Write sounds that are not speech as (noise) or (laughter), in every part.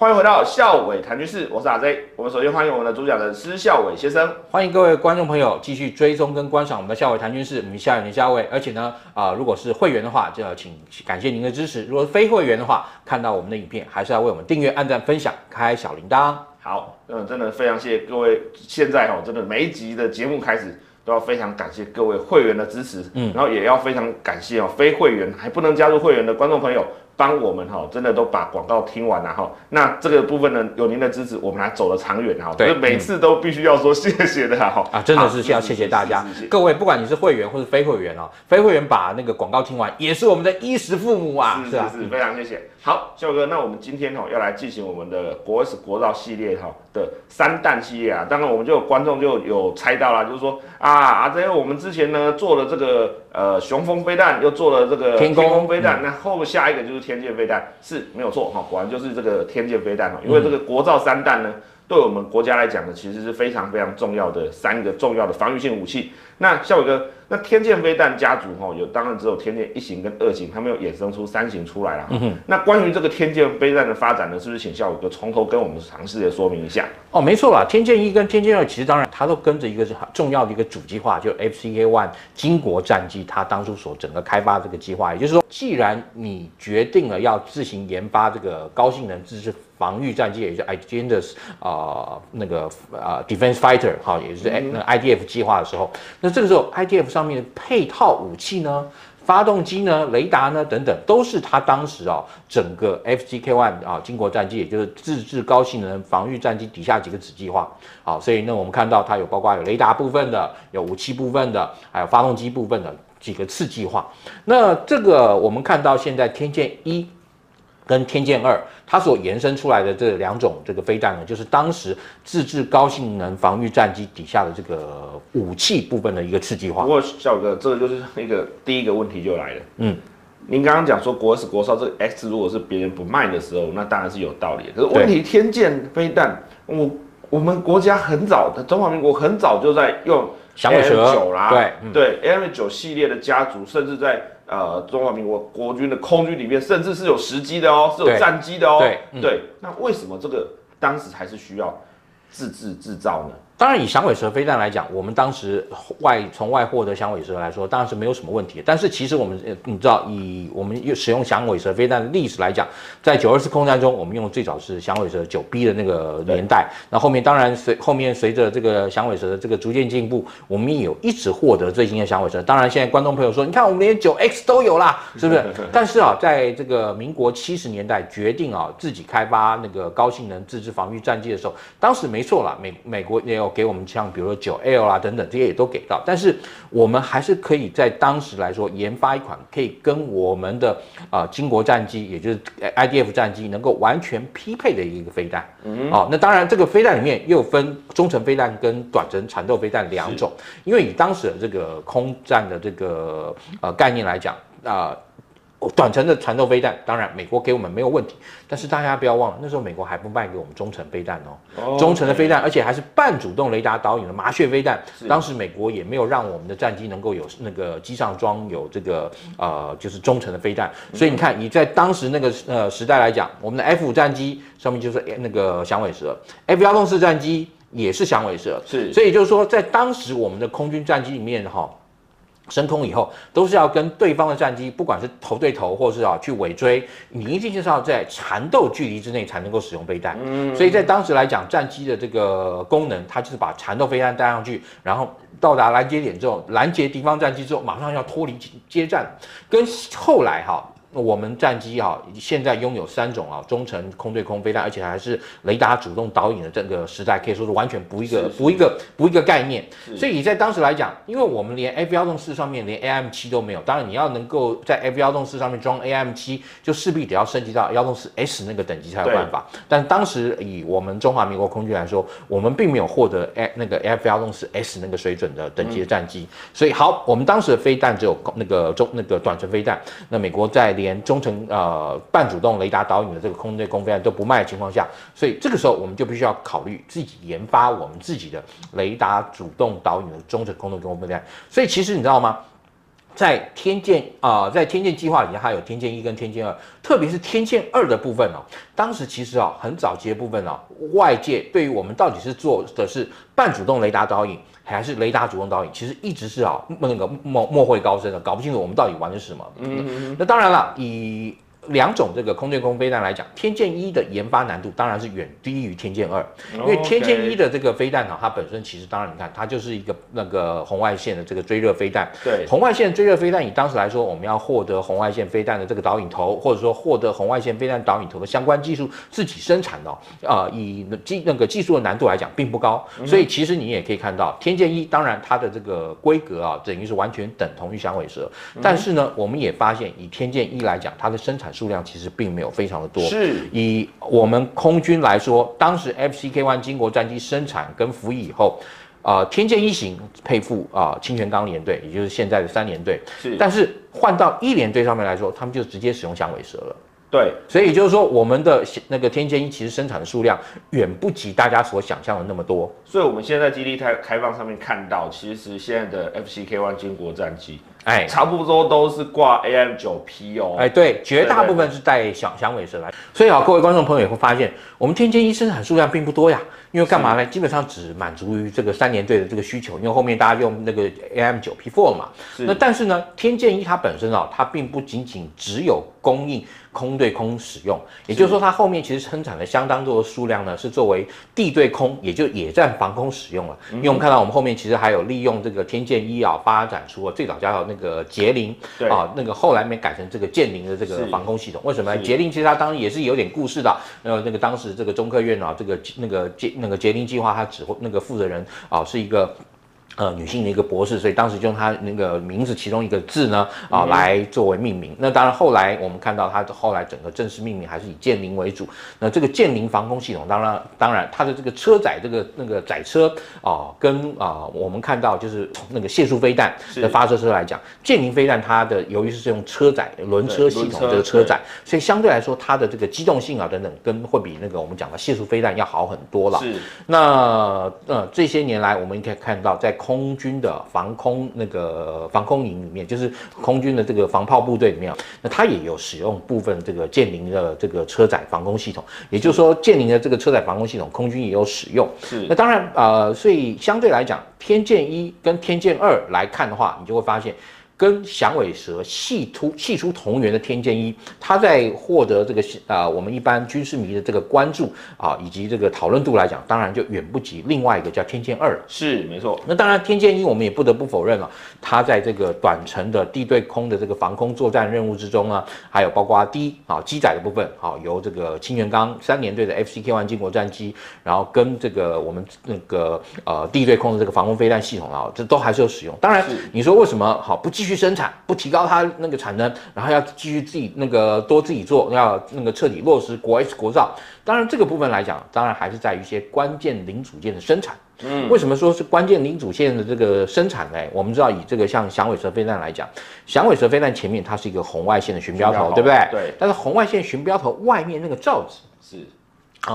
歡迎回到孝瑋談軍事，我是阿 Z。我們首先歡迎我們的主講人施孝瑋先生，歡迎各位觀眾朋友繼續追蹤跟觀賞我們的孝瑋談軍事，我們下一年孝瑋。而且呢，啊、呃，如果是會員的話，就要請感謝您的支持；如果是非會員的話，看到我們的影片還是要為我們訂閱、按讚、分享、開小鈴鐺。好，嗯，真的非常謝謝各位。現在哦，真的每一集的節目開始，都要非常感謝各位會員的支持，嗯，然後也要非常感謝哦，非會員還不能加入會員的觀眾朋友。幫我們哈，真的都把廣告聽完了哈，那這個部分呢，有您的支持，我們還走得長遠哈。對，嗯、每次都必須要說謝謝的哈。啊，真的是要謝謝大家。是是是是是各位，不管你是會員或是非會員哦，非會員把那個廣告聽完，也是我們的衣食父母啊。是啊是是是，非常謝謝。嗯好，小哥，那我們今天吼、哦、要來進行我們的國 s 國造系列哈的三彈系列啊，當然我們就有觀眾就有猜到了，就是說啊啊，這、啊、因為我們之前呢做了這個呃雄風飛彈，又做了這個天弓飛彈，那後下一個就是天劍飛彈，嗯、是沒有錯哈，哦，果然就是這個天劍飛彈哈，因為這個國造三彈呢，嗯、對我們國家來講呢，其實是非常非常重要的三個重要的防禦性武器。那孝瑋哥，那天劍飛彈家族哈、哦、有，當然只有天劍一型跟二型，它沒有衍生出三型出來了、啊。嗯、哼那關於這個天劍飛彈的發展呢，是不是請孝瑋哥從頭跟我們嘗試的說明一下？哦，沒錯啦，天劍一跟天劍二其實當然它都跟着一個很重要的一個主計劃，就 F-CK-1 經國戰機，它當初所整個開發這個計劃，也就是說，既然你決定了要自行研發這個高性能自製防御戰機，也就是 Indigenous 啊、呃、那個啊、呃、Defense Fighter 哈、哦，也就是那個 IDF、嗯、哼計劃的時候。那這個時候，IDF 上面的配套武器呢、發動機呢、雷達呢等等，都是它當時啊整個 F-CK-1 啊，經國戰機，也就是自制高性能防禦戰機底下幾個子計劃。好，所以呢，我們看到它有包括有雷達部分的、有武器部分的、還有發動機部分的幾個次計劃。那這個我們看到現在天劍一跟天劍二，它所延伸出來的這兩種這個飛彈呢，就是當時自製高性能防禦戰機底下的這個武器部分的一個刺激化。不過，小哥，這個就是那個第一個問題就來了。嗯，您剛剛講說國 X 國造這個 X，如果是別人不賣的時候，那當然是有道理的。可是問題天，天劍飛彈，我我們國家很早的中華民國很早就在用 AIM-9 啦，對、嗯、對，AIM-9 系列的家族，甚至在。呃，中華民國國軍的空軍裡面，甚至是有時機的哦，對是有戰機的哦。對，對嗯。那為什麼這個當時還是需要自制製造呢？當然，以響尾蛇飛彈來講，我們當時外從外獲得響尾蛇來說，當然是沒有什麼問題的。但是其實我們，呃、你知道，以我們用使用響尾蛇飛彈的歷史來講，在九二四空戰中，我們用最早是響尾蛇九 B 的那個年代。那對後面當然隨後面隨着這個響尾蛇的這個逐漸進步，我們也有一直獲得最新的響尾蛇。當然，現在觀眾朋友說，你看我們連九 X 都有啦，是不是？ (laughs) 但是啊、哦，在這個民國七十年代決定啊、哦、自己開發那個高性能自制防御戰機的時候，當時沒錯啦，美美國也有。給我們像比如說九 L 啦、啊、等等這些也都給到，但是我們還是可以在當時來說研发一款可以跟我們的啊、呃、經國戰機，也就是 IDF 戰機能夠完全匹配的一個飛彈。嗯，哦，那當然這個飛彈裡面又分中程飛彈跟短程纏鬥飛彈兩種，是因為以當時的這個空戰的這個呃概念來講，啊、呃。短程的彈道飛彈，當然美國給我們沒有問題，但是大家不要忘了，那時候美國還不賣給我們中程飛彈哦。Oh, okay. 中程的飛彈，而且還是半主動雷達導引的麻雀飛彈。是當時美國也沒有讓我們的戰機能夠有那個機上裝有這個呃，就是中程的飛彈。所以你看，你在當時那個呃時代來講，我們的 F 五戰機上面就是那個響尾蛇，F 幺洞四戰機也是響尾蛇。尾蛇是所以就是說，在當時我們的空軍戰機裡面哈。升空以後，都是要跟對方的戰機，不管是頭對頭，或是啊、哦、去尾追，你一定就是要在纏鬥距離之內才能夠使用飛彈。嗯、所以在當時來講，戰機的這個功能，它就是把纏鬥飛彈帶，帶上去，然後到達攔截點之後，攔截敵方戰機之後，馬上要脫離接戰，跟後來哈、哦。我們戰機哈、哦，現在擁有三種啊、哦，中程空對空飛彈，而且還是雷達主動導引的這個時代，可以說是完全不一個不是是 一個不一個概念。是是所以，以，在當時來講，因為我們連 F 幺零四上面連 AM 七都沒有，當然你要能夠在 F 幺零四上面裝 AM 七，7，就勢必得要升級到幺零四 S 那個等級才有辦法。對但當時以我們中華民國空軍來說，我們並沒有獲得 A 那個 F 幺零四 S 那個水準的等級的戰機，嗯、所以好，我們當時的飛彈只有那個中那個短程飛彈。那美國在連中程呃半主動雷達導引的這個空對空飛彈都不賣的情況下，所以這個時候我們就必須要考慮自己研發我們自己的雷達主動導引的中程空對空飛彈。所以其實你知道嗎？在天劍啊、呃，在天劍計劃裡面，還有天劍一跟天劍二，特別是天劍二的部分哦。當時其實啊、哦，很早期的部分哦，外界對於我們到底是做的是半主動雷達導引。還是雷達主動導引，其實一直是啊、喔，那個莫莫會高深的，搞不清楚我們到底玩的是什麼。嗯嗯嗯。那當然了，以。兩種這個空對空飛彈來講，天劍一的研發難度當然是遠低於天劍二，因為天劍一的這個飛彈呢，它本身其實當然你看它就是一個那個紅外線的這個追熱飛彈，對紅外線的追熱飛彈，以當時來說，我們要獲得紅外線飛彈的這個導引頭，或者說獲得紅外線飛彈導引頭的相關技術自己生產的、哦，呃，以技那個技術、那個、的難度來講並不高，嗯、哼所以其實你也可以看到，天劍一當然它的這個規格啊，等於是完全等同於響尾蛇，但是呢，嗯、哼我們也發現以天劍一來講，它的生產。數量其實並沒有非常的多是，是以我們空軍來說，當時 F C K one 經國戰機生產跟服役以後，啊、呃，天劍一型配附啊、呃、清泉崗聯隊，也就是現在的三聯隊，是，但是換到一聯隊上面來說，他們就直接使用響尾蛇了。對，所以就是說，我們的那個天劍一其實生產的數量遠不及大家所想象的那麼多。所以，我們現在基地開開放上面看到，其實現在的 F C K 1經國戰機，哎，差不多都是掛 A M 九 P 哦。哎，對，絕大部分是帶響尾蛇來。對，對，對所以啊，各位觀眾朋友也會發現，我們天劍一生產數量並不多呀，因為幹嘛呢？是基本上只滿足於這個三聯隊的這個需求，因為後面大家用那個 A M 九 P four 了嘛。是那但是呢，天劍一它本身啊、哦，它並不僅僅只有供應空對空使用，也就是說，它後面其實生產的相當多的數量呢，是作為地對空，也就野戰防空使用了。嗯、哼因為我們看到，我們後面其實還有利用這個天劍一啊，發展出了最早叫那個捷羚對啊，那個後來沒改成這個劍羚的這個防空系統。對為什麼呢？是捷羚其實他當時也是有點故事的。那那個當時這個中科院啊，這個那個那個捷羚計劃，他指揮那個負、那個、責人啊，是一個。呃，女性的一個博士，所以當時就用她那個名字其中一個字呢啊、呃、來作為命名。嗯、那當然，後來我們看到它後來整個正式命名還是以“捷羚”為主。那這個“捷羚”防空系統，當然，當然它的這個車載這個那個載車啊、呃，跟啊、呃、我們看到就是那個檞樹飛彈的發射車來講，是捷羚飛彈它的由於是用車載輪，輪車系統的這個車載，車所以相對來說它的這個機動性啊等等，跟會比那個我們講的檞樹飛彈要好很多了。是。那呃這些年來，我們應該看到在空空軍的防空那個防空營裡面，就是空軍的這個防炮部隊裡面，那它也有使用部分這個劍羚的這個車載防空系統。也就是說，劍羚的這個車載防空系統，空軍也有使用。是，那當然，呃，所以相對來講，天劍一跟天劍二來看的話，你就會發現。跟響尾蛇系出系出同源的天劍一，它在獲得這個啊、呃、我們一般軍事迷的這個關注啊以及這個討論度來講，當然就遠不及另外一個叫天劍二。是，沒錯。那當然天劍一我們也不得不否認了、啊，它在這個短程的地對空的這個防空作戰任務之中呢，還有包括低啊機載的部分啊，由這個清泉崗三聯隊的 F C K one 經國戰機，然後跟這個我們那個呃地對空的這個防空飛彈系統啊，這都還是有使用。當然是你說為什麼好、啊、不繼續繼續生產，不提高它那個產能，然後要繼續自己那個多自己做，要那個徹底落實國 X 國造。當然這個部分來講，當然還是在於一些關鍵零組件的生產。嗯，為什麼說是關鍵零組件的這個生產呢？我們知道以這個像響尾蛇飛彈來講，響尾蛇飛彈前面它是一個紅外線的尋標頭，標頭對不對？對。但是紅外線尋標頭外面那個罩子是。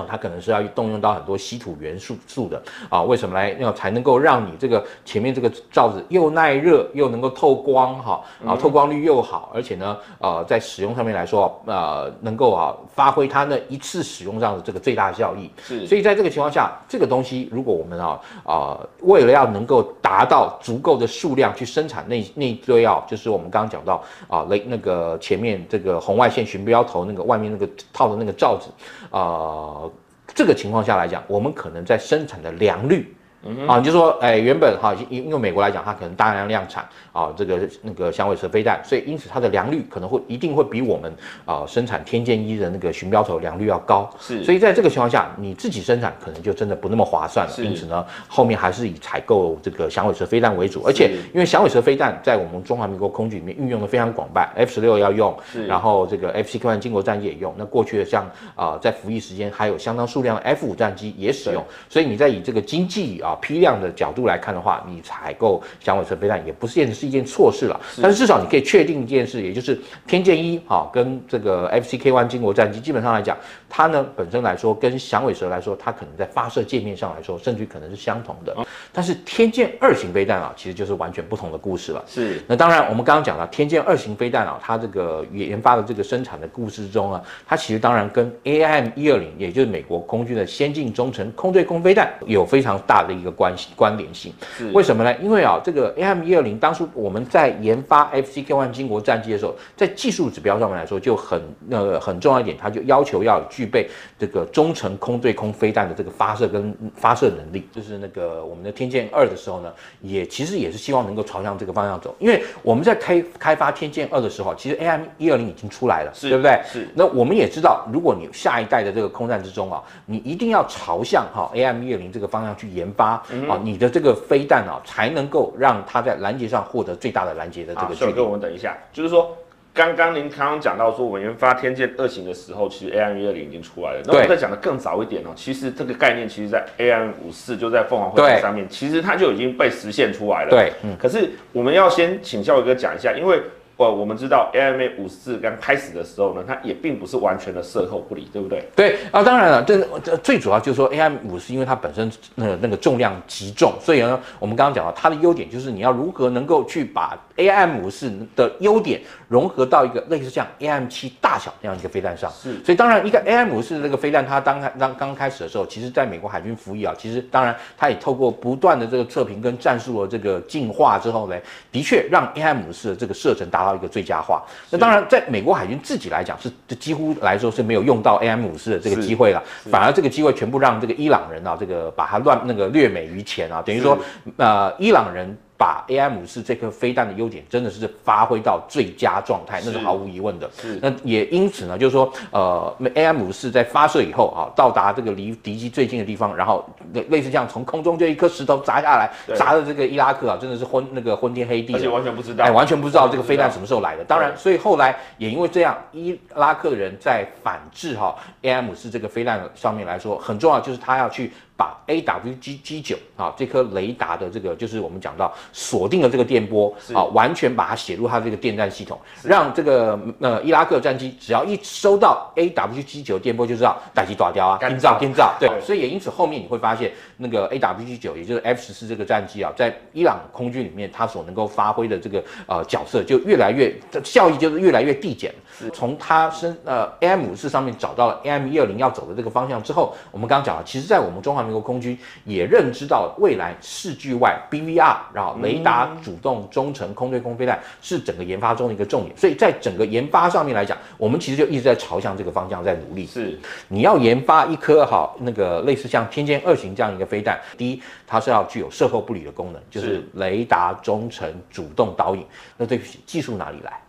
嗯、它可能是要動用到很多稀土元素素的啊，為什麼來要才能夠讓你這個前面這個罩子又耐熱又能夠透光哈，然、啊、後透光率又好，而且呢，呃，在使用上面來說，呃，能夠啊發揮它那一次使用上的這個最大效益。是，所以在這個情況下，這個東西如果我們啊啊、呃，為了要能夠達到足夠的數量去生產那那一堆藥，就是我們剛剛講到啊雷那個前面這個紅外線尋標頭那個外面那個套的那個罩子啊。呃這個情況下來講，我們可能在生產的良率。嗯、啊，你就是、說，哎、欸，原本哈，因、啊、因為美國來講，它可能大量量產啊，這個那個響尾蛇飛彈，所以因此它的良率可能會一定會比我們啊、呃、生產天劍一的那個尋標頭良率要高，是，所以在這個情況下，你自己生產可能就真的不那麼划算了，是因此呢，後面還是以採購這個響尾蛇飛彈為主，是而且因為響尾蛇飛彈在我們中華民國空軍裡面運用的非常廣泛，F 十六要用，是然後這個 FCK-1 經國戰機也用，那過去的像啊、呃、在服役時間還有相當數量的 F 五戰機也使用，是所以你在以這個經濟啊。批量的角度來看的話，你採購響尾蛇飛彈也不是件是一件錯事了。是，但是至少你可以確定一件事，也就是天劍一啊，跟這個 F C K one 經國戰機基本上來講，它呢本身來說跟響尾蛇來說，它可能在發射界面上來說，甚至可能是相同的。哦、但是天劍二型飛彈啊，其實就是完全不同的故事了。是，那當然我們剛剛講了天劍二型飛彈啊，它這個也研發的這個生產的故事中啊，它其實當然跟 A I M 一二零，120, 也就是美國空軍的先進中程空對空飛彈有非常大的。一。一個關係關聯性，是，為什麼呢？因為啊，這個 AM 一二零，當初，我們在研發 FCK 1經國戰機的時候，在技術指標上面來說就很呃很重要一點，它就要求要具備這個中程空對空飛彈的這個發射跟發射能力。就是那個我們的天劍二的時候呢，也其實也是希望能夠朝向這個方向走。因為我們在開開發天劍二的時候，其實 AM 一二零已經出來了，是對不對？是。那我們也知道，如果你下一代的這個空戰之中啊，你一定要朝向哈、啊、AM 一二零這個方向去研發。啊、嗯哦，你的這個飛彈啊、哦，才能夠讓它在攔截上獲得最大的攔截的這個距離。小、啊、哥，我們等一下，就是說，剛剛您剛剛講到說，我研發天劍二型的時候，其實 AMV 二零已經出來了。那對我再講的更早一點哦，其實這個概念其實在 AM 五四就在鳳凰會上面，對其實它就已經被實現出來了。對，嗯、可是我們要先請教小哥講一下，因為。我、哦、我們知道，A M A 五十四剛開始的時候呢，它也並不是完全的射後不理，對不對？對啊，當然了，這這最主要就是說，A M 五十四因為它本身那個、那個重量極重，所以呢，我們剛剛講了它的優點就是你要如何能夠去把。AIM-54 的優點融合到一個類似像 AIM-7 大小那樣一個飛彈上，是，所以當然一個 AIM-54 的這個飛彈，它當剛剛開始的時候，其實在美國海軍服役啊，其實當然它也透過不斷的這個測評跟戰術的這個進化之後呢，的確讓 AIM-54 的這個射程達到一個最佳化。是那當然，在美國海軍自己來講，是幾乎來說是沒有用到 AIM-54 的這個機會了，反而這個機會全部讓這個伊朗人啊，這個把它亂那個掠美於前啊，等於說是呃伊朗人。把 AIM 五四這顆飛彈的優點真的是發揮到最佳狀態，是那是毫無疑問的。是那也因此呢，就是說，呃，AIM 五四在發射以後啊，到達這個離敵機最近的地方，然後類似這樣從空中就一顆石頭砸下來，對砸的這個伊拉克啊，真的是昏那個昏天黑地，而且完全不知道，哎，完全不知道這個飛彈什麼時候來的。當然，所以後來也因為這樣，伊拉克人在反制哈 AIM 五四這個飛彈上面來說很重要，就是他要去。把 A W G G 九啊、哦，這顆雷達的這個就是我們講到鎖定了這個電波啊是、哦，完全把它寫入它這個電戰系統，是讓這個呃伊拉克戰機只要一收到 A W G 九電波就知道打擊抓掉啊，干擾干擾。對，對，所以也因此後面你會發現，那個 A W G 九也就是 F 十四這個戰機啊，在伊朗空軍裡面它所能夠發揮的這個呃角色就越來越效益就是越來越遞減。是從它身呃 AM54 上面找到了 AM120 要走的這個方向之後，我們剛剛講了，其實，在我們中華民國空軍也認知到未來視距外 BVR 然後雷達主動中程空對空飛彈是整個研發中的一個重點，所以在整個研發上面來講，我們其實就一直在朝向這個方向在努力。是，你要研發一顆哈那個類似像天劍二型這樣一個飛彈，第一，它是要具有射後不理的功能，就是雷達中程主動導引，是那對不起，技術哪裡來？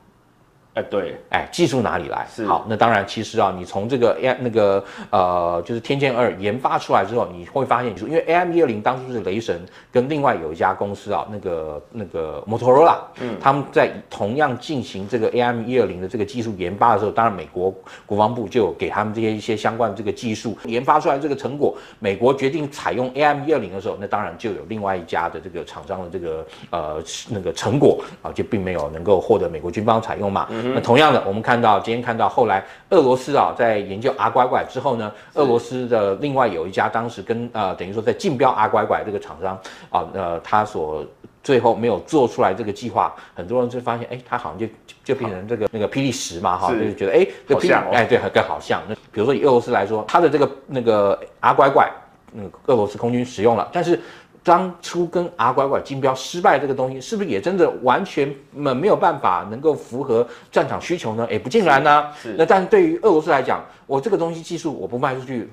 哎，對，哎，技術哪裡來？是。好，那當然，其實啊、哦，你從這個哎，那個呃，就是天劍二研發出來之後，你會發現你說，就是因為 AM 一二零當初是雷神跟另外有一家公司啊、哦，那個那個摩托羅拉，嗯，他們在同樣進行這個 AM 一二零的這個技術研發的時候，當然，美國國防部就有給他們這些一些相關的這個技術研發出來這個成果，美國決定採用 AM 一二零的時候，那當然就有另外一家的這個廠商的這個呃那個成果啊，就並沒有能夠獲得美國軍方採用嘛。嗯那、嗯、同樣的，我們看到今天看到後來俄羅斯啊、哦，在研究阿乖乖之後呢，是俄羅斯的另外有一家當時跟呃，等於說在競標阿乖乖這個廠商啊、呃，呃，他所最後沒有做出來這個計劃，很多人就發現，哎，他好像就就變成這個好那個霹靂十嘛，哈是，就覺得哎，這霹哎對，更好像。那比如說以俄羅斯來說，它的這個那個阿乖乖，嗯、那個，俄羅斯空軍使用了，但是。當初跟 R 拐拐競標失敗這個東西，是不是也真的完全沒沒有辦法能夠符合戰場需求呢？也不盡然呢。是是，那但是對於俄羅斯來講，我這個東西技術我不賣出去，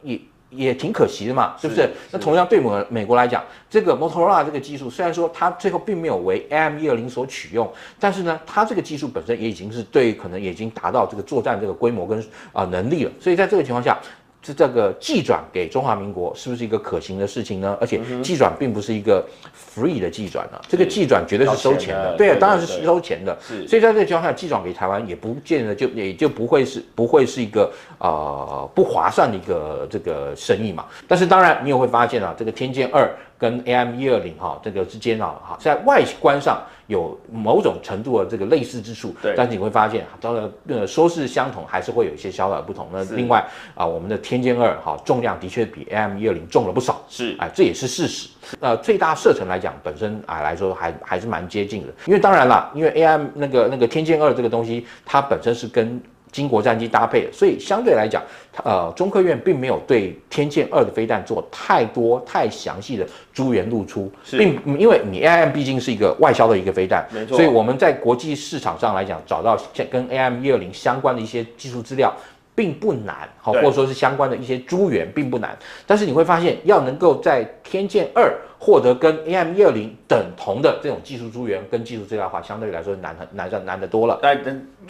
也也挺可惜的嘛，是不是？是是。那同樣對美美國來講，這個 Motorola 這個技術，雖然說它最後並沒有為 M 一二零所取用，但是呢，它這個技術本身也已經是對於可能已經達到這個作戰這個規模跟啊、呃、能力了。所以在這個情況下。是這個技轉給中華民國是不是一個可行的事情呢？而且技轉並不是一個 free 的技轉啊，這個技轉絕對是收錢的。對啊，當然是收錢的。對對對，所以在這個情況下，技轉給台灣也不見得就是也就不會是不會是一個啊、呃、不划算的一個這個生意嘛。但是當然你也會發現啊，這個天劍二。跟 AM 一二零哈這個之間啊、哦、哈在外觀上有某種程度的這個類似之處，對，但是你會發現當然呃說是相同，還是會有一些小小的不同。那另外啊是、呃，我們的天劍二哈重量的確比 AM 一二零重了不少，是啊、哎，這也是事實。那是、呃、最大射程來講，本身啊、呃、來說還還是蠻接近的，因為當然啦，因為 AM 那個那個天劍二這個東西，它本身是跟。經國戰機搭配的，所以相對來講，呃，中科院並沒有對天劍二的飛彈做太多、太詳細的諸元露出，並因為你 AIM 畢竟是一個外銷的一個飛彈，沒錯錯，所以我們在國際市場上來講，找到跟 AIM 一二零相關的一些技術資料。並不難，好，或者說是相關的一些資源並不難，對但是你會發現，要能夠在天劍二獲得跟 AIM-120 等同的這種技術資源跟技術最大化，相對來說難很難上難得多了。大家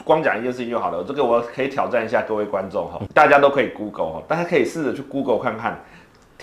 光講一件事情就好了，這個我可以挑戰一下各位觀眾哈，大家都可以 Google 哈，大家可以試着去 Google 看看。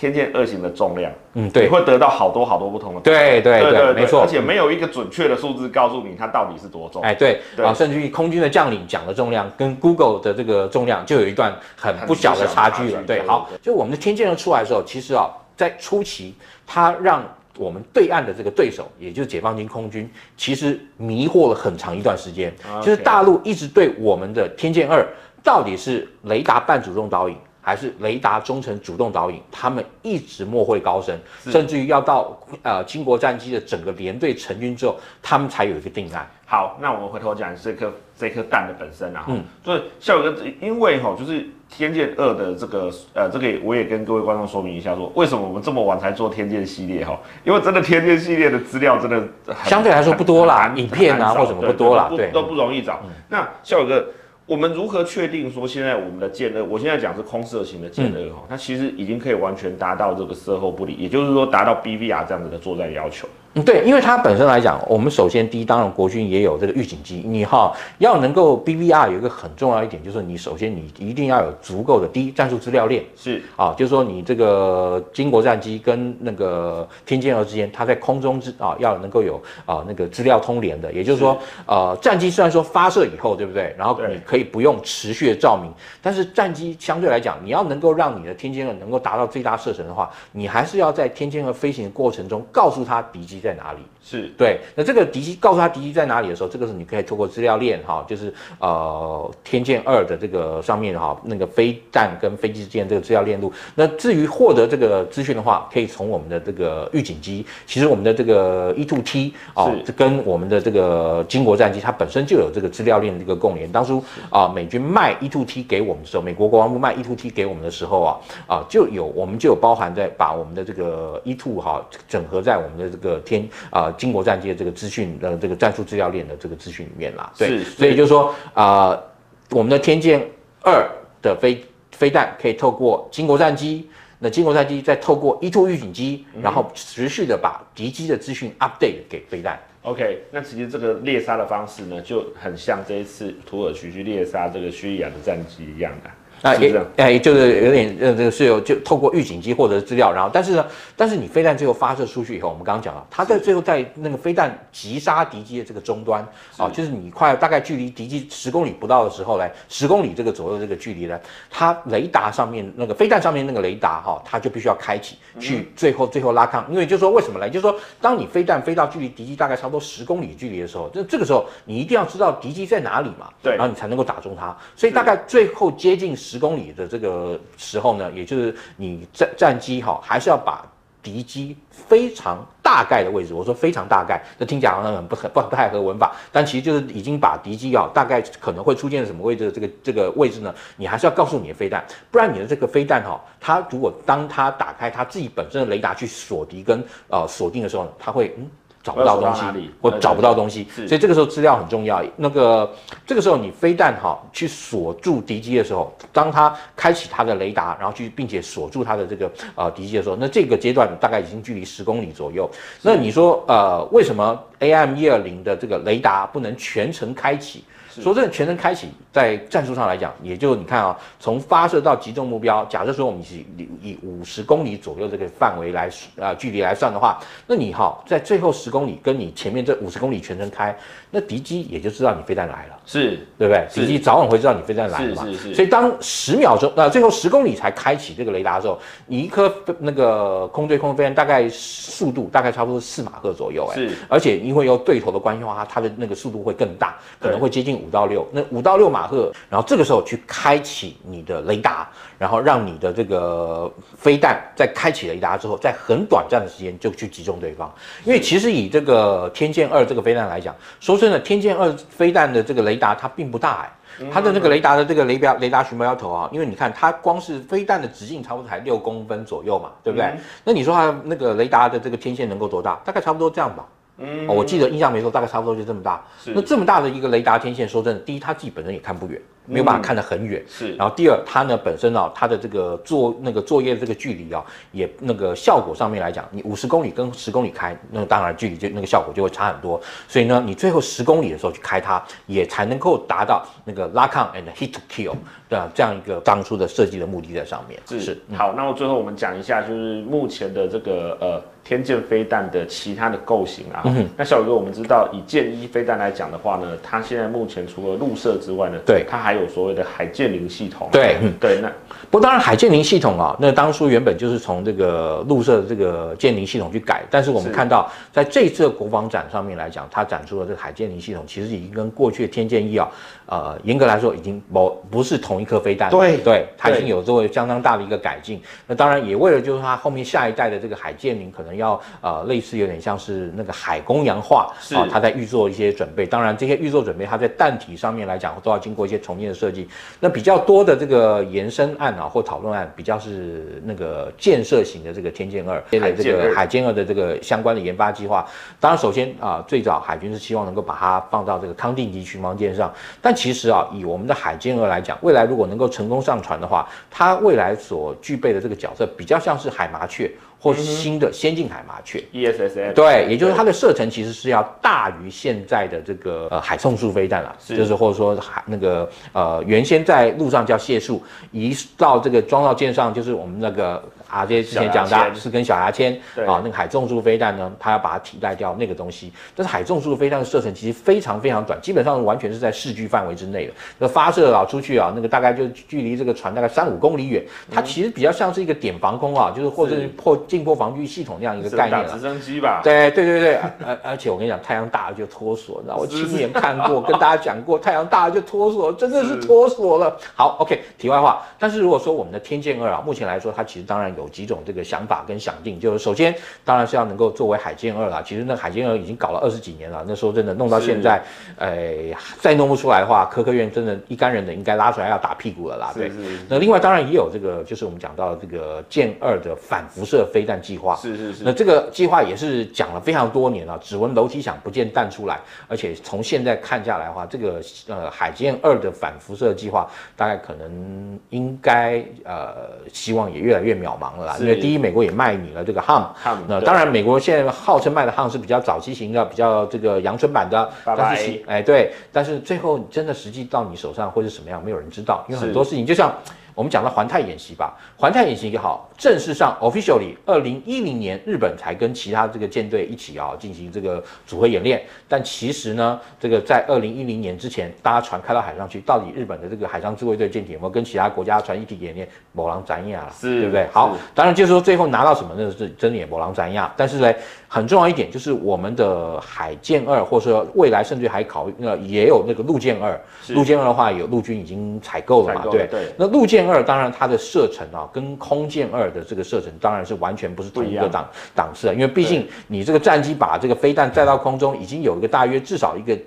2 天劍二型的重量，嗯，對，你會得到好多好多不同的對，對對對，對對沒錯，而且沒有一個準確的數字告訴你它到底是多重。嗯、哎，對，啊對、嗯，甚至於空軍的將領講的重量跟 Google 的這個重量就有一段很不小的差距了。啊、對，對，對，對，對，好，就我們的天劍二出來的時候，其實啊、哦，在初期，它讓我們對岸的這個對手，也就是解放軍空軍，其實迷惑了很長一段時間，啊、就是大陸一直對我們的天劍二到底是雷達半主動導引。還是雷達中程主動導引，他們一直莫會高升，是甚至於要到呃經國戰機的整個聯隊成軍之後，他們才有一個定案。好，那我們回頭講這顆這顆彈的本身啊，嗯，所以孝瑋哥，因為哈，就是天劍二的這個呃這個，我也跟各位觀眾說明一下說，說為什麼我們這麼晚才做天劍系列哈、啊？因為真的天劍系列的資料真的相對來說不多啦，影片啊或什麼不多啦，對，都不,對都不容易找。嗯、那孝瑋哥。我們如何確定說現在我們的劍二，我現在講是空射型的劍二哈，它其實已經可以完全達到這個射後不理，也就是說達到 BVR 這樣子的作戰要求。嗯，對，因為它本身來講，我們首先第一，當然國軍也有這個預警機，你哈、哦、要能夠 BVR 有一個很重要一點，就是你首先你一定要有足夠的第一戰術資料鏈，是啊、呃，就是說你這個經國戰機跟那個天劍二之間，它在空中之啊、呃、要能夠有啊、呃、那個資料通聯的，也就是說，是呃，戰機雖然說發射以後，對不對？然後你可以不用持續的照明，對但是戰機相對來講，你要能夠讓你的天劍二能夠達到最大射程的話，你還是要在天劍二飛行的過程中告訴他敵機。在哪裡？是對。那這個敵機告訴他敵機在哪裡的時候，這個是你可以透過資料鏈哈、哦，就是呃天劍二的這個上面哈、哦、那個飛彈跟飛機之間這個資料鏈路。那至於獲得這個資訊的話，可以從我們的這個預警機，其實我們的這個 E2T 啊、哦，是這跟我們的這個經國戰機它本身就有這個資料鏈這個共聯。當初啊、呃、美軍賣 E2T 給我們的時候，美國國防部賣 E2T 給我們的時候啊啊就有我們就有包含在把我們的這個 E2 哈、哦、整合在我們的這個。天啊，經、呃、國戰機的這個資訊、呃這個、的這個戰術資料鏈的這個資訊裡面啦，是是對，所以就是說啊、呃，我們的天劍二的飛飛彈可以透過經國戰機，那經國戰機再透過 E-2 預警機，嗯、然後持續的把敵機的資訊 update 給飛彈。OK，那其實這個獵殺的方式呢，就很像這一次土耳其去獵殺這個敘利亞的戰機一樣的、啊。那也哎，是的也就是有點呃，這個是有就透過預警機獲得資料，然後但是呢，但是你飛彈最後發射出去以後，我們剛剛講了，它在最後在那個飛彈擊殺敵機的這個終端啊是、哦，就是你快大概距離敵機十公里不到的時候嘞，十公里這個左右這個距離呢，它雷達上面那個飛彈上面那個雷達哈、哦，它就必須要開啟去最後最後拉抗。嗯、因為就是說為什麼呢？就是說當你飛彈飛到距離敵機大概差不多十公里距離的時候，就這個時候你一定要知道敵機在哪裡嘛，對，然後你才能夠打中它，所以大概最後接近十。十公里的這個時候呢，也就是你戰戰機哈、哦，還是要把敵機非常大概的位置，我說非常大概，那聽講好像很不很不太合文法，但其實就是已經把敵機啊、哦、大概可能會出現什麼位置的這個這個位置呢，你還是要告訴你的飛彈，不然你的這個飛彈哈、哦，它如果當它打開它自己本身的雷達去鎖敵跟呃鎖定的時候呢，它會嗯。找不到東西，或找不到東西，對對對，所以這個時候資料很重要。是那個，這個時候你飛彈齁去鎖住敵機的時候，當他開啟他的雷達，然後去並且鎖住他的這個呃敵機的時候，那這個階段大概已經距離十公里左右。是那你說呃，為什麼 A M 一二零的這個雷達不能全程開啟？是說這全程開啟，在戰術上來講，也就你看啊、喔，從發射到擊中目標，假設說我們是以以五十公里左右這個範圍來啊距離來算的話，那你哈在最後十公里跟你前面這五十公里全程開，那敵機也就知道你飛彈來了，是對不對？敵機是早晚會知道你飛彈來了嘛？是是，是，是，所以當十秒鐘啊最後十公里才開啟這個雷達的時候，你一顆那個空對空飛彈大概速度大概差不多四馬赫左右、欸，哎，是，而且因為有對頭的關係的話，它的那個速度會更大，可能會接近。五到六，那五到六馬赫，然後這個時候去開啟你的雷達，然後讓你的這個飛彈在開啟了雷達之後，在很短暫的時間就去擊中對方。因為其實以這個天劍二這個飛彈來講，說真的，天劍二飛彈的這個雷達它並不大哎，它的那個雷達的這個雷達雷達尋標頭啊，因為你看它光是飛彈的直徑差不多才六公分左右嘛，對不對？那你說它那個雷達的這個天線能夠多大？大概差不多這樣吧。嗯、哦，我記得印象沒錯，大概差不多就這麼大。是那這麼大的一個雷達天線，說真的，第一，它自己本身也看不遠。沒有辦法看得很遠，嗯、是。然後第二，它呢本身啊、哦，它的這個作那個作業的這個距離啊、哦，也那個效果上面來講，你五十公里跟十公里開，那個、當然距離就那個效果就會差很多。所以呢，你最後十公里的時候去開它，也才能夠達到那個 lock on and hit to kill 的、嗯啊、這樣一個當初的設計的目的在上面。是，是、嗯、好，那我最後我們講一下，就是目前的這個呃天劍飛彈的其他的構型啊。嗯、哼那孝瑋哥，我們知道以劍一飛彈來講的話呢，它、嗯、現在目前除了入射之外呢，對，它還有。有所謂的海劍羚系統、啊，對，嗯，對，那不過，當然海劍羚系統啊，那當初原本就是從這個陸射的這個劍羚系統去改，但是我們看到在這次的國防展上面來講，它展出的這個海劍羚系統其實已經跟過去的天劍一啊，呃，嚴格來說已經不不是同一顆飛彈，對對，它已經有做相當大的一個改進。那當然也為了就是它後面下一代的這個海劍羚可能要呃類似有點像是那個海弓洋化，是啊，它在預做一些準備。當然這些預做準備，它在彈體上面來講都要經過一些重驗。設計，那比較多的這個延伸案啊，或討論案，比較是那個建設型的這個天劍二，劍二這個海劍二的這個相關的研發計劃。當然，首先啊、呃，最早海軍是希望能夠把它放到這個康定級巡防艦上，但其實啊，以我們的海劍二來講，未來如果能夠成功上船的話，它未來所具備的這個角色，比較像是海麻雀。或是新的先進海麻雀 ESSM，、嗯嗯、對，也就是它的射程其實是要大於現在的這個呃海中速飛彈啊，是就是或者說海那個呃原先在路上叫械速，移到這個裝到艦上就是我們那個阿杰之前講的，是跟小牙籤對啊那個海中速飛彈呢，它要把它替代掉那個東西。但是海中速飛彈的射程其實非常非常短，基本上完全是在視距範圍之內的。那發射老、啊、出去啊，那個大概就距離這個船大概三五公里遠，嗯、它其實比較像是一個點防空啊，就是或者是破，是近迫防禦系統這樣一個概念直升機吧？對對對對，而而且我跟你講，太陽大了就脫鎖，你知道我親眼看過，跟大家講過，太陽大了就脫鎖，真的是脫鎖了。好，OK，題外話，但是如果說我們的天劍二啊，目前來說，它其實當然有幾種這個想法跟想定，就是首先當然是要能夠作為海劍二啦，其實那海劍二已經搞了二十幾年了，那時候真的弄到現在，哎，再弄不出來的話，科科院真的，一干人的應該拉出來要打屁股了啦。對，那另外當然也有這個，就是我們講到這個劍二的反輻射飛。飛彈計劃是是是，那這個計劃也是講了非常多年了，啊，只聞樓梯響，不見彈出來，而且從現在看下來的話，這個呃海劍二的反輻射計劃大概可能應該呃希望也越來越渺茫了啦，是因為第一美國也賣你了這個 HARM, 那 H、um, 呃、當然美國現在號稱賣的 HARM，是比較早期型的，比較這個陽春版的，Bye 但是，bye 哎，對，但是最後真的實際到你手上會是什麼樣，沒有人知道，因為很多事情是就像。我們講到環太演習吧，環太演習也好，正式上 officially，二零一零年日本才跟其他這個艦隊一起啊、喔、進行這個組合演練。但其實呢，這個在二零一零年之前，大家船開到海上去，到底日本的這個海上自衛隊艦艇有沒有跟其他國家的船一起演練，某狼展亞了，是，對不對？好，是，當然就是說最後拿到什麼，那是真的某狼展亞。但是呢，很重要一點就是我們的海劍二，或者說未來甚至還考，呃，也有那個陸劍二，陸劍二的話，有陸軍已經採購了嘛？對對。那陸劍。二當然，它的射程啊、哦，跟空劍二的這個射程當然是完全不是同一個檔一檔次啊。因為畢竟你這個戰機把這個飛彈帶到空中，已經有一個大約至少一個、嗯、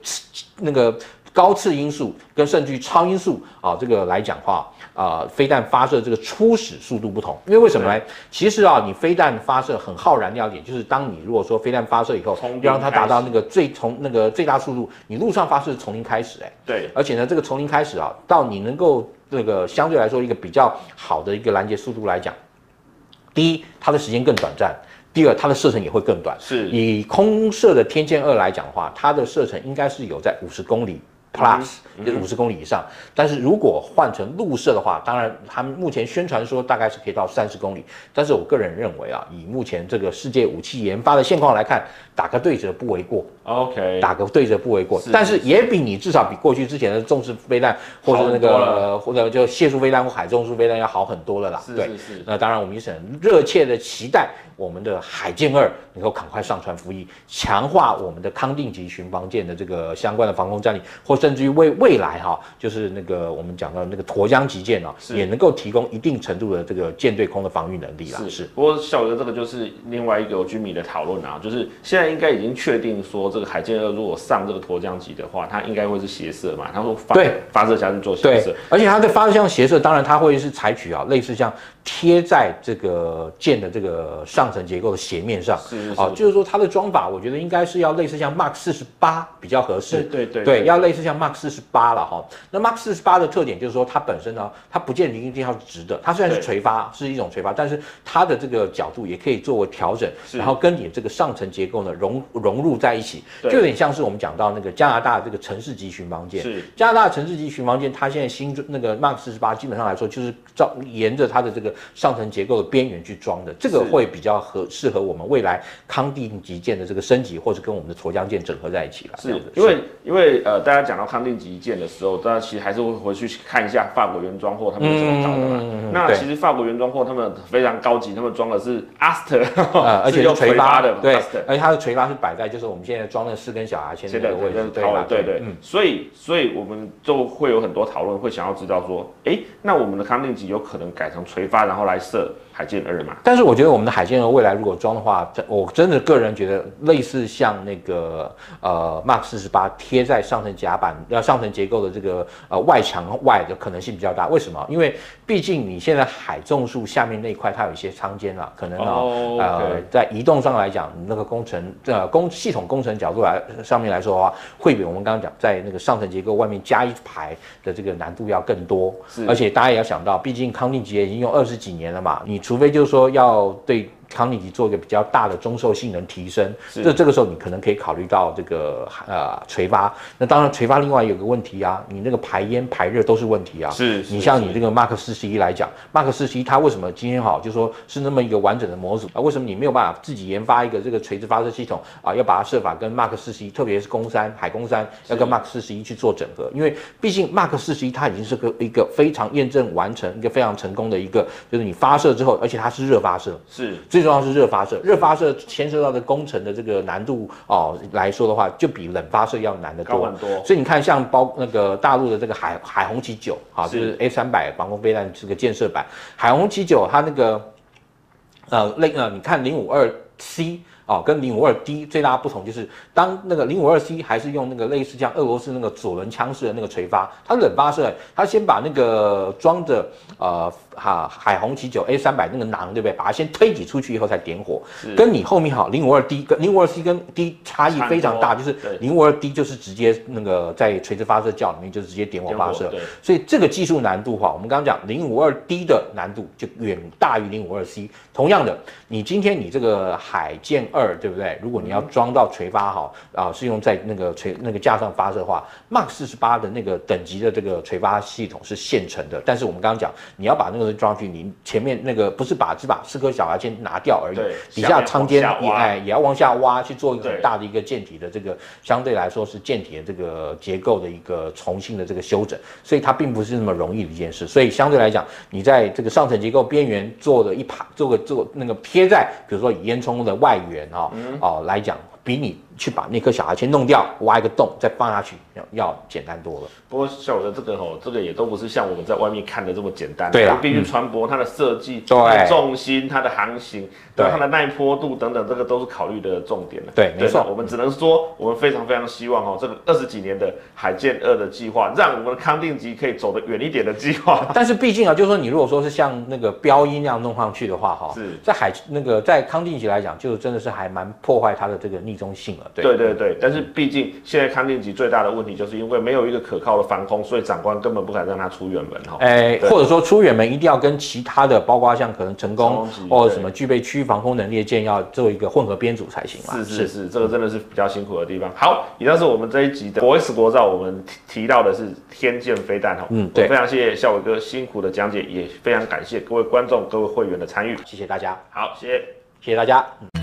那個高次音速，跟甚至於超音速啊，這個來講的話啊、呃，飛彈發射這個初始速度不同。因為為什麼呢？對其實啊，你飛彈發射很耗燃料的一點，就是當你如果說飛彈發射以後，要讓它達到那個最從那個最大速度，你陸上發射是從零開始哎、欸，對，而且呢，這個從零開始啊，到你能夠。這個相對來說，一個比較好的一個攔截速度來講，第一，它的時間更短暫；第二，它的射程也會更短。是，以空射的天劍二來講的話，它的射程應該是有在五十公里。plus 就是五十公里以上，嗯、哼但是如果換成陸射的話，當然他們目前宣傳說大概是可以到三十公里，但是我個人認為啊，以目前這個世界武器研發的現況來看，打個對折不為過。OK，打個對折不為過，是是是，但是也比你，至少比過去之前的重視飛彈，或者那個或者叫洩速飛彈或海中速飛彈要好很多了啦。是是，是對，那當然，我們也是很熱切的期待我們的海劍二能夠趕快上船服役，強化我們的康定級巡防艦的這個相關的防空戰力，或甚至於未未來哈、哦，就是那個我們講到那個沱江級艦哦，是也能夠提供一定程度的這個艦對空的防禦能力啦。是是。我曉得這個就是另外一個軍迷的討論啊，就是現在應該已經確定說，這個海劍二如果上這個沱江級的話，它應該會是斜射嘛？他說發對，發射箱是做斜射，而且它的發射箱斜射，當然它會是採取啊、哦，類似像貼在這個艦的這個上層結構的斜面上。是是是、哦。就是說它的裝法，我覺得應該是要類似像 Mark 四十八比較合適。對對對，對，要類似像。Mark 四十八了哈，那 Mark 四十八的特點就是說，它本身呢，它不見得一定要是直的。它雖然是垂發，對是一種垂發，但是它的這個角度也可以作為調整，是然後跟你這個上層結構呢融融入在一起，對就有點像是我們講到那個加拿大的這個城市級巡防艦。是加拿大的城市級巡防艦，它現在新那個 Mark 四十八基本上來說就是照沿着它的這個上層結構的邊緣去裝的，這個會比較合適合我們未來康定級艦的這個升級，或者跟我們的沱江艦整合在一起了。是，因為因為呃，大家講到康定級艦的時候，大家其實還是會回去看一下法國原裝貨他們怎麼造的嘛。那其實法國原裝貨他們非常高級，他們裝的是 Aster，而且用垂發的，對，而且它的垂發是擺在就是我們現在裝的四根小牙籤的位置，對吧？對對。所以所以我們就會有很多討論，會想要知道說，哎，那我們的康定級有可能改成垂發，然後來設海劍二嘛？但是我覺得我們的海劍二未來如果裝的話，我真的個人覺得類似像那個呃 Mk 四十八貼在上層甲板。要上層結構的這個呃外牆外的可能性比較大，為什麼？因為畢竟你現在海中樹下面那一塊它有一些倉間了，可能哦、喔 oh, okay. 呃在移動上來講，你那個工程呃工系統工程角度來上面來說的話，會比我們剛剛講在那個上層結構外面加一排的這個難度要更多。是而且大家也要想到，畢竟康定級已經用二十幾年了嘛，你除非就是說要對。康利級做一個比較大的中壽性能提升，這是這個時候你可能可以考慮到這個呃垂發。那當然垂發另外有個問題啊，你那個排煙排熱都是問題啊。是。你像你這個 Mark 四十一來講，Mark 四十一它為什麼今天好就是、說是那麼一個完整的模組啊？為什麼你沒有辦法自己研發一個這個垂直發射系統啊？要把它設法跟 Mark 四十一，特別是弓三海弓三，三是要跟 Mark 四十一去做整合，因為畢竟 Mark 四十一它已經是個一個非常驗證完成，一個非常成功的一個，就是你發射之後，而且它是熱發射。是。最重要是熱發射，熱發射牽涉到的工程的這個難度哦來說的話，就比冷發射要難得多，很多。所以你看，像包那個大陸的這個海海紅旗九啊、哦，是就是 A 三百防空飛彈這個建設版海紅旗九，它那個呃類呃，你看零五二 C 啊、呃、跟零五二 D 最大的不同就是，當那個零五二 C 還是用那個類似像俄羅斯那個左輪槍式的那個垂發，它冷發射，它先把那個裝的呃。哈、啊、海紅旗9 A 三百那個囊對不對？把它先推擠出去以後才點火，是跟你後面好零五二 D 跟零五二 C 跟 D 差異非常大，多就是零五二 D 對就是直接那個在垂直發射窖裡面就是直接點火發射，對。所以這個技術難度哈，我們剛剛講零五二 D 的難度就遠大於零五二 C。同樣的，你今天你這個海劍二對不對？如果你要裝到垂發哈啊、呃，是用在那個垂那個架上發射的話 Mk 四十八的那個等級的這個垂發系統是現成的，但是我們剛剛講你要把那個。抓具，你前面那個不是把這把四顆小牙簽拿掉而已，底下艙間，哎，也要往下挖去做一個很大的一個艦體的這個，相對來說是艦體的這個結構的一個重新的這個修整，所以它並不是那麼容易的一件事，所以相對來講，你在這個上層結構邊緣做的一排，做個做那個貼在，比如說以煙囪的外緣啊，哦，哦，來講比你，去把那顆小孩先弄掉，挖一個洞再放下去，要要簡單多了。不過像我的這個哈、哦，這個也都不是像我們在外面看的這麼簡單、啊。對啊，嗯、必須船舶它的設計、對，它的重心、它的航行、對它的耐波度等等，這個都是考慮的重點了。對，對沒錯，我們只能說我們非常非常希望哈、哦，這個二十幾年的海劍二的計劃，讓我們的康定級可以走得遠一點的計劃。但是畢竟啊，就是說你如果說是像那個標一那樣弄上去的話哈，是在海那個在康定級來講，就真的是還蠻破壞它的這個匿蹤性了。對對對，但是畢竟現在康定級最大的問題就是因為沒有一個可靠的防空，所以長官根本不敢讓他出遠門哈。哎、欸，對或者說出遠門一定要跟其他的，包括像可能成功級或者什麼具備區域防空能力的艦要做一個混合編組才行嘛。是是是，嗯、這個真的是比較辛苦的地方。好，以上是我們這一集的國 X 國造，我們提到的是天劍飛彈哦。嗯，對，非常謝謝孝瑋哥辛苦的講解，也非常感謝各位觀眾、各位會員的參與，謝謝大家。好，謝謝，謝謝大家。